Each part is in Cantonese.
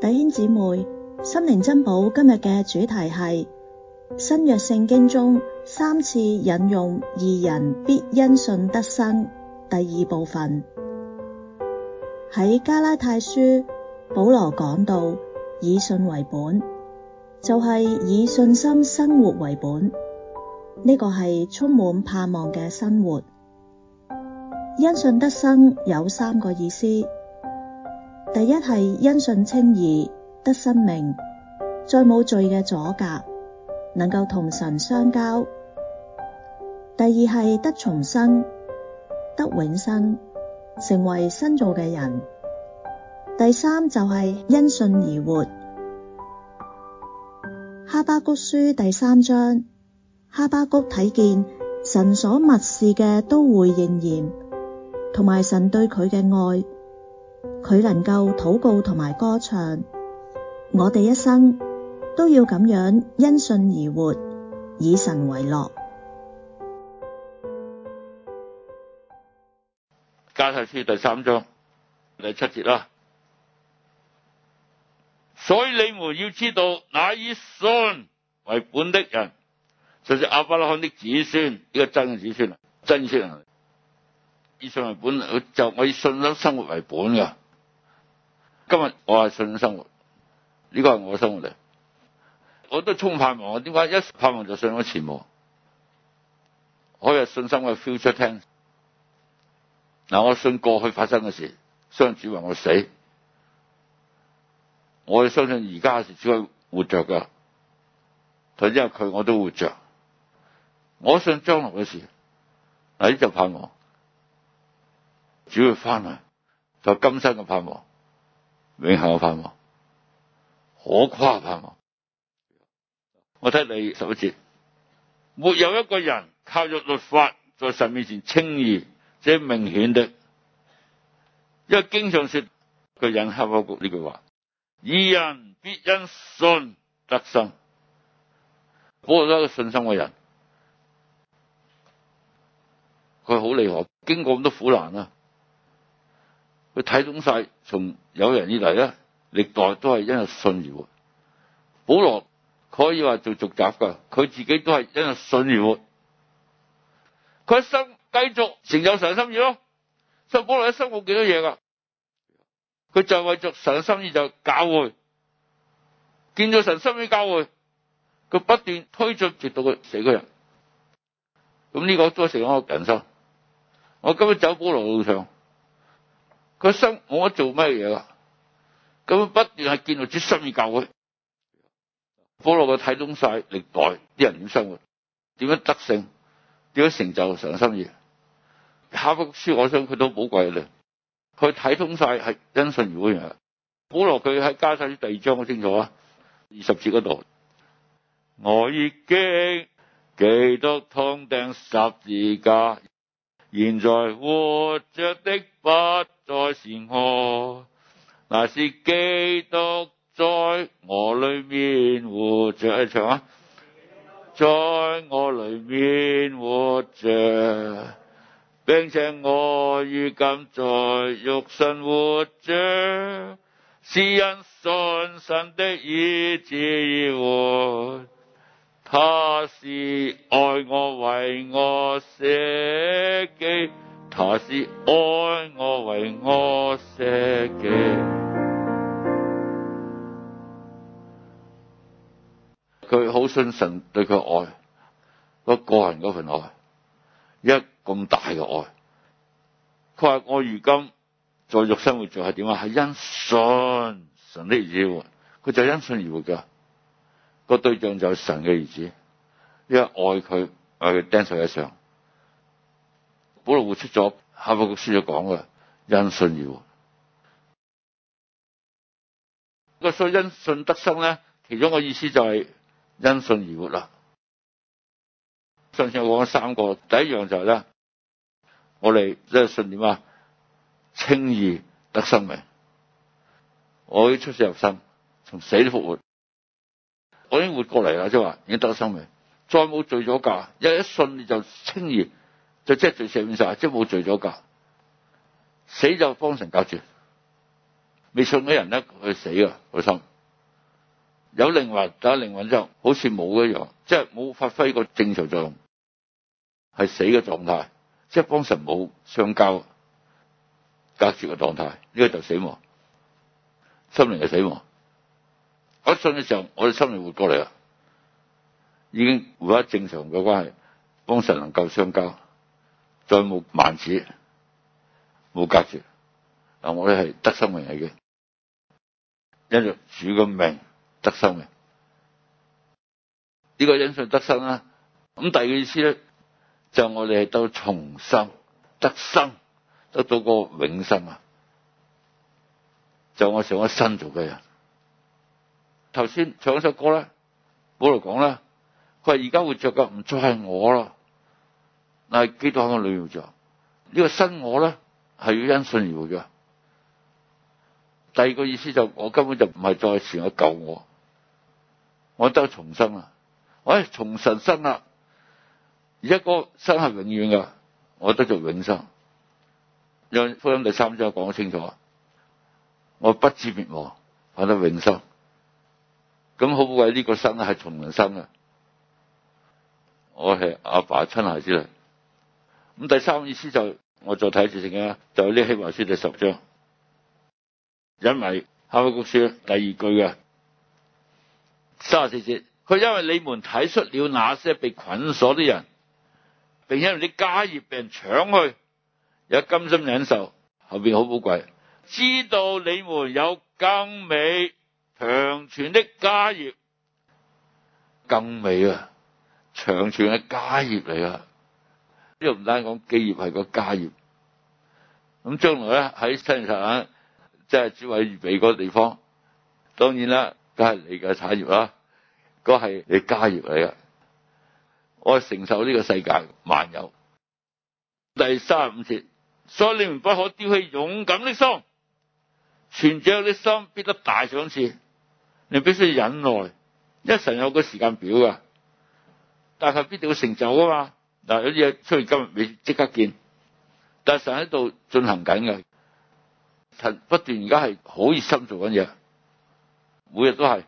弟兄姊妹，心靈珍寶今日嘅主題係新約聖經中三次引用義人必因信得生，第二部分喺加拉太書，保羅講到以信為本，就係、是、以信心生活為本，呢、這個係充滿盼望嘅生活。因信得生有三個意思。第一係因信稱義，得生命，再冇罪嘅阻隔，能夠同神相交。第二係得重生，得永生，成為新造嘅人。第三就係因信而活。哈巴谷書第三章，哈巴谷睇見神所默示嘅都會應驗，同埋神對佢嘅愛。佢能夠禱告同埋歌唱，我哋一生都要咁樣因信而活，以神為樂。加拉太書第三章第七節啦。所以你們要知道，那以信為本的人，就是亞伯拉罕的子孫，呢個真嘅子孫，真嘅以信為本人，就我以信心生活為本嘅。今日我係信心生活，呢、這個係我嘅生活嚟。我都充滿盼望。點解一盼望就信咗前望？我有信心嘅 future 聽嗱，我信過去發生嘅事，相信主為我死，我係相信而家嘅事可以活着㗎。同之後佢我都活着。我信將來嘅事嗱，呢就盼望主要翻啊，就是、今生嘅盼望。永恒嘅盼望，可誇嘅盼望。我睇你十一節，沒有一個人靠著律法在神面前稱義，這明顯的，因為經上說，佢引哈巴谷呢句話，義人必因信得生，嗰個都係一個信心嘅人，佢好厲害，經過咁多苦難啊！佢睇懂晒，從有人以嚟咧，歷代都係因信而活。保羅可以話做續集噶，佢自己都係因信而活。佢一生繼續成就神心意咯。所以保羅一生冇幾多嘢噶，佢就為着神心意就教會，見咗神心意教會，佢不斷推進直到佢死個人。咁呢個都係成一個人生。我今日走保羅路上。個心我做乜嘢啦，咁不斷係見到支心意教會，保羅佢睇通晒歷代啲人點生活，點樣得勝，點樣成就上帝心意。考個書我想佢都好寶貴嘅，佢睇通晒係因信如嗰樣。保羅佢喺加晒啲第二章我清楚啊，二十節嗰度，我已經基督同釘十字架。現在活着的不再是我，乃是基督在我裏面活着。長啊，在我裏面活着，並且我如今在肉身活着，是因信神的兒子而活。他是愛我為我捨己，他是愛我為我捨己。佢好信神對佢愛，個人嗰份愛，一咁大嘅愛。佢話我如今在肉生活着係點啊？係因信神的應許，佢就因信而活噶。個對象就係神嘅兒子，因為愛佢，愛佢釘在一上，保羅活出咗，哈巴谷書就講噶因信而活。個所以因信得生咧，其中個意思就係因信而活啦。上次我講三個，第一樣就係咧，我哋即係信點啊，稱義得生命，我可出死入生，從死都復活。我已經活過嚟啦，即係話已經得了生命，再冇罪咗架。一一信你就稱義，就即係罪赦免晒，即係冇罪咗架。死就方神隔絕，未信嘅人咧佢死噶好心，有靈魂但係靈魂就好似冇一樣，即係冇發揮個正常作用，係死嘅狀態，即係方神冇相交隔絕嘅狀態，呢、這個就死亡，心靈嘅死亡。我信嘅時候，我哋心裡活過嚟啦，已經回到正常嘅關係，當神能夠相交，再冇萬子，冇隔絕。嗱，我哋係得生命嚟嘅，因為主嘅命得生命，呢、這個因信得生啦。咁第二個意思咧，就是、我哋係得到重生，得生，得到個永生啊！就是、我上一新造嘅人。頭先唱一首歌咧，保羅講呢。佢話而家活着嘅唔再係我咯。嗱，基督喺我裏面着？呢、這個新我咧係要因信而活嘅。第二個意思就是、我根本就唔係再前，我救我，我得重生啦，我係從神生啦，而一個生係永遠噶，我得做永生。因為福音第三章講清楚，我不知滅亡，我得永生。咁好寶貴，呢個身係從人身啊！我係阿爸，爸親孩子嚟。咁第三個意思就是，我再睇住成啊，就呢希伯來書第十章引埋哈巴谷書第二句嘅三十四節。佢因為你們體恤了那些被捆鎖的人，並且啲家業被人搶去，也甘心忍受。後邊好寶貴，知道你們有更美。長存的家業更美啊！長存嘅家業嚟啊！呢度唔單講基業係個家業，咁將來咧喺新時即係主為預備嗰個地方，當然啦，都係你嘅產業啦，嗰係你家業嚟噶。我承受呢個世界萬有。第三十五節，所以你唔不可丟棄勇敢的心，存主啲心，必得大賞賜。你必須忍耐，一神有個時間表噶，但係必定會成就啊嘛嗱。有啲嘢出現今日未即刻見，但係神喺度進行緊嘅，神不斷而家係好熱心做緊嘢，每日都係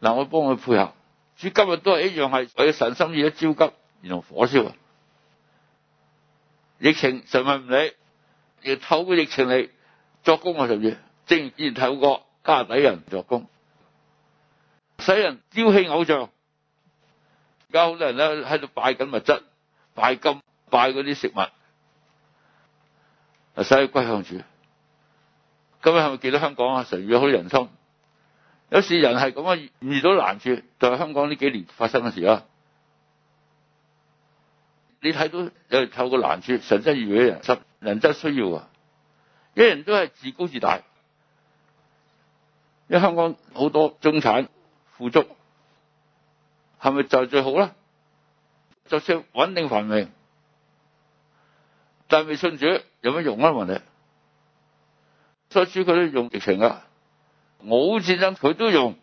嗱，我幫佢配合。至今日都係一樣係為咗神心意而焦急，然後火燒啊！疫情神咪唔理，要透過疫情嚟作工啊！甚至甚至透過加拿大人作工。使人朝氣偶像，而家好多人咧喺度拜緊物質，拜金，拜嗰啲食物，啊，使佢歸向主。今日係咪見到香港啊？神與好人通，有時人係咁啊，遇到難處，就係、是、香港呢幾年發生嘅事啦。你睇到有透過難處，神真與人通，人真需要啊！一人都係自高自大，因為香港好多中產，富足係咪就是最好咧？就算穩定繁榮，但係未信主有乜用啊？問題，所以主佢都用疫情啊，我戰爭佢都用，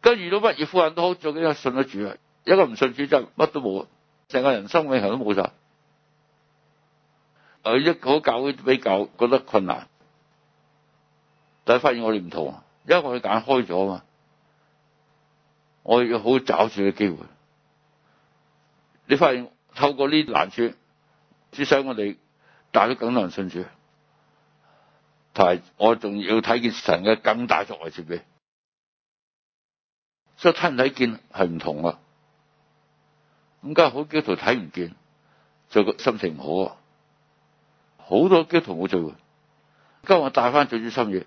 跟遇到乜嘢富人都好，最緊要信得住啊！一個唔信主就乜都冇成個人生永恒都冇晒。誒，一個教會比較覺得困難。但係發現我哋唔同，因為我哋眼開咗啊嘛，我要好抓住嘅機會。你發現透過呢難處，只想我哋帶咗更多人信主，同埋我仲要睇見神嘅更大作為出面，所以睇唔睇見係唔同啊。咁家好基督徒睇唔見，就個心情唔好啊，好多基督徒冇罪，今日帶翻最主心意。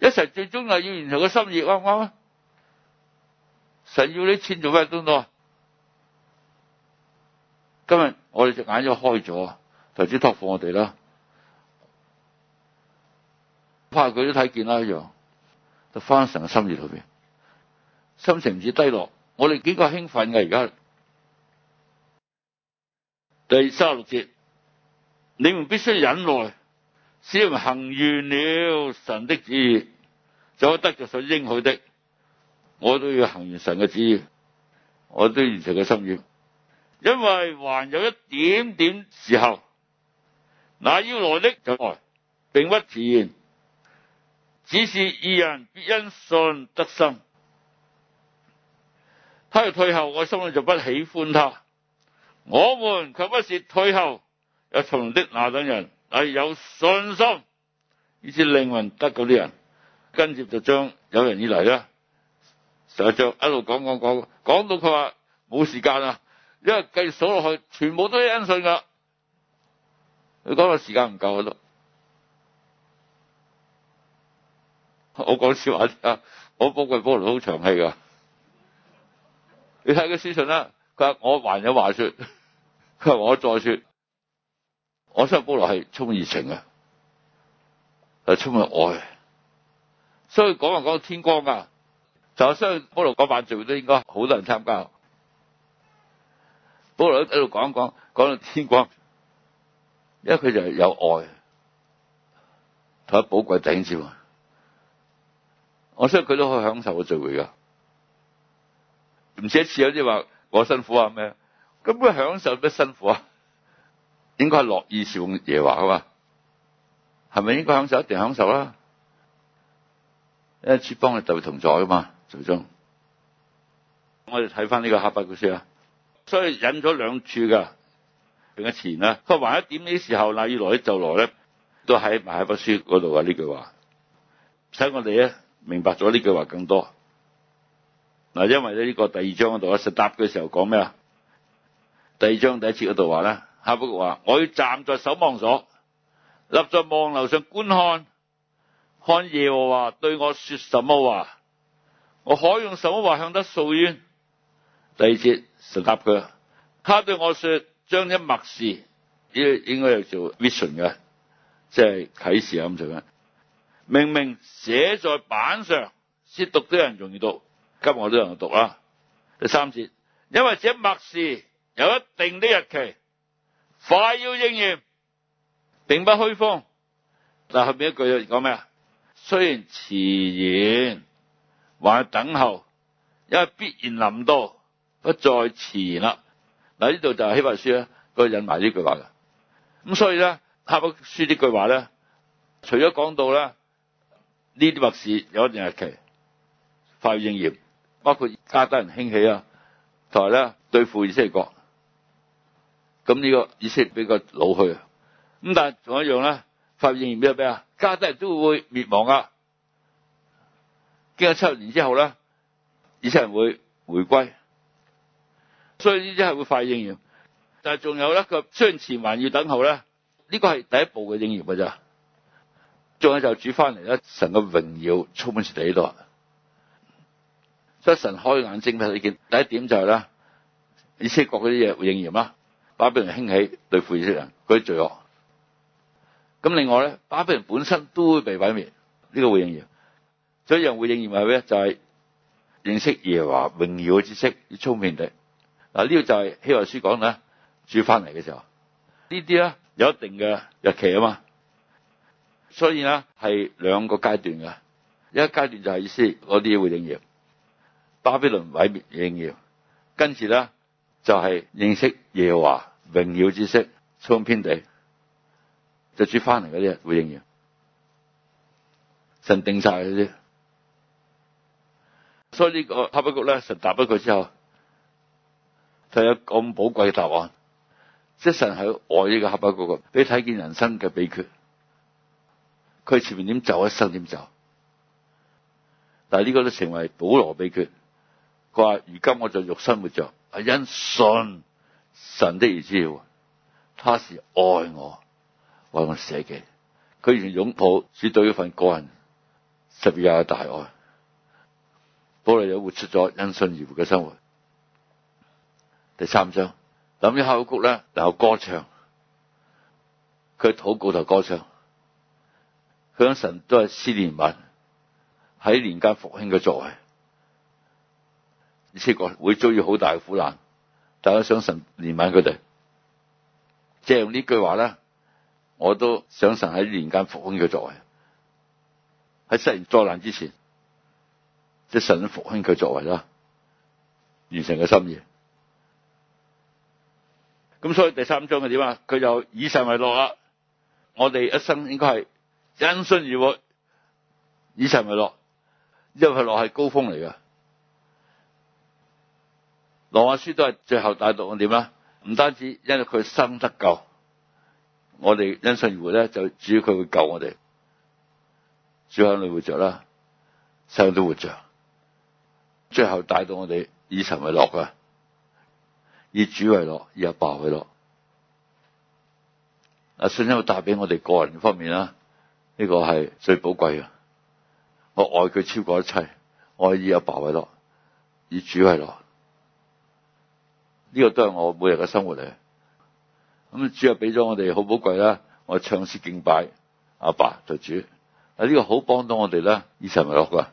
一齊最終又要完成個心意，啱唔啱？神要你穿做咩東東？今日我哋隻眼都開咗，頭先託付我哋啦，怕佢都睇見啦一樣，就返神嘅心意裏邊，心情唔至低落。我哋幾個興奮嘅而家，第三六節，你哋必須忍耐。只要行完了神的旨意，就得着所應許的。我都要行完神嘅旨意，我都完成個心願。因為還有一點點時候，那要來的就來，並不遲延。只是義人必因信得生。他要退後，我心裡就不喜歡他。我們卻不是退後入沉淪的那等人。係有信心，以致靈魂得救嗰啲人，跟住就將有人以嚟啦，實就一路講講講，講到佢話冇時間啊，因為繼續數落去，全部都係因信噶，佢講到時間唔夠喺度。我講笑話啊，我波佢波到好長氣噶，你睇佢私信啦，佢話我還有話說，佢話我再說。我相信保羅係充滿熱情嘅，係充滿愛的，所以講啊講到天光啊，就係相信保羅嗰晚聚會都應該好多人參加。保羅喺度講講講到天光，因為佢就係有愛，同埋寶貴弟兄，我相信佢都可以享受個聚會噶，唔似一次有啲話我辛苦啊咩，咁佢享受咩辛苦啊？應該係樂意侍奉耶華嘛？係咪應該享受？一定享受啦，一次主幫助特同在噶嘛，從中。嗯、我哋睇翻呢個哈巴谷書啊，所以引咗兩處噶，同埋前啦。佢還一點呢？時候那要來就來呢，都喺埋喺哈書嗰度啊！呢句話，使我哋咧明白咗呢句話更多。嗱，因為咧呢、這個第二章嗰度啊，實答嘅時候講咩啊？第二章第一節嗰度話咧。下哈伯話：我要站在守望所，立在望樓上觀看，看耶和華對我說什麼話。我可用什麼話向他訴冤？第二節神答佢。他對我說：「將一默示，應應該叫做 vision 嘅，即係啟示咁做嘅。明明寫在版上，使讀的人容易讀，今日我都有讀啦。第三節，因為這默示有一定的日期。快要應驗，並不虛謊。但後邊一句講咩啊？雖然遲延，還要等候，因為必然臨到，不再遲延啦。嗱，呢度就係希伯書咧，佢引埋呢句話嘅。咁所以咧，希伯書呢句話咧，除咗講到咧呢啲默示有一定日期快要應驗，包括加得人興起啊，同埋咧對付以色列國。咁呢個以色列比較老去啊，咁但係仲有一樣咧，發應驗咩啊？加德人都會滅亡啊！經過七十年之後咧，以色列會回歸，所以呢啲係會發應驗。但係仲有咧，佢雖然前還要等候咧，呢個係第一步嘅應驗㗎啫。仲有就主翻嚟咧，神嘅榮耀充滿全地度。所以神開眼睛畀你見第一點就係咧，以色列國嗰啲嘢應驗啦。巴比倫興起對付義啲人，佢罪惡。咁另外咧，巴比倫本身都會被毀滅，呢個會應驗。所以又會應驗係咩咧？就係認識耶華榮耀嘅知識，要聰明啲。嗱，呢個就係希伯書講啦，主翻嚟嘅時候，呢啲咧有一定嘅日期啊嘛。所以咧係兩個階段嘅，一個階段就係意思嗰啲會應驗，巴比倫毀滅應驗，跟住咧就係認識耶華。榮耀之色，蒼天地，就轉翻嚟嗰啲回日會應完，神定晒嗰啲，所以個合呢個哈巴谷咧，神答咗佢之後，就有咁寶貴嘅答案，即神喺愛呢個哈巴谷嘅，俾你睇見人生嘅秘訣，佢前面點走，一生點走，但係呢個都成為保羅秘訣，佢話：如今我在肉身活着，係因信。神的兒子，他是愛我，為我捨己。佢願擁抱只對一份個人十二嘅大愛，保羅也活出咗因信而活嘅生活。第三章諗起哈巴谷咧，然後歌唱，佢禱告同歌唱，向神都係思念憫，喺年間復興嘅作為，呢七個會遭遇好大嘅苦難。大家想神憐憫佢哋，借用呢句話咧，我都想神喺年間復興佢作為，喺失完災難之前，即神都復興佢作為啦，完成佢心意。咁所以第三章係點啊？佢就以神為樂啦！我哋一生應該係因信而活，以神為樂，因為樂係高峰嚟㗎。羅馬書都係最後帶到我點啦，唔單止因為佢生得救，我哋因信而活咧，就主佢會救我哋，主響裏活着啦，世人都活着，最後帶到我哋以神為樂噶，以主為樂，以阿爸為樂。啊，信心會帶俾我哋個人方面啦，呢個係最寶貴嘅。我愛佢超過一切，我愛以阿爸為樂，以主為樂。呢、這個都是我每日嘅生活嚟，咁主要俾咗我哋好寶貴啦，我唱詩敬拜阿爸做主，啊、這、呢個好幫到我哋啦，以神明落㗎。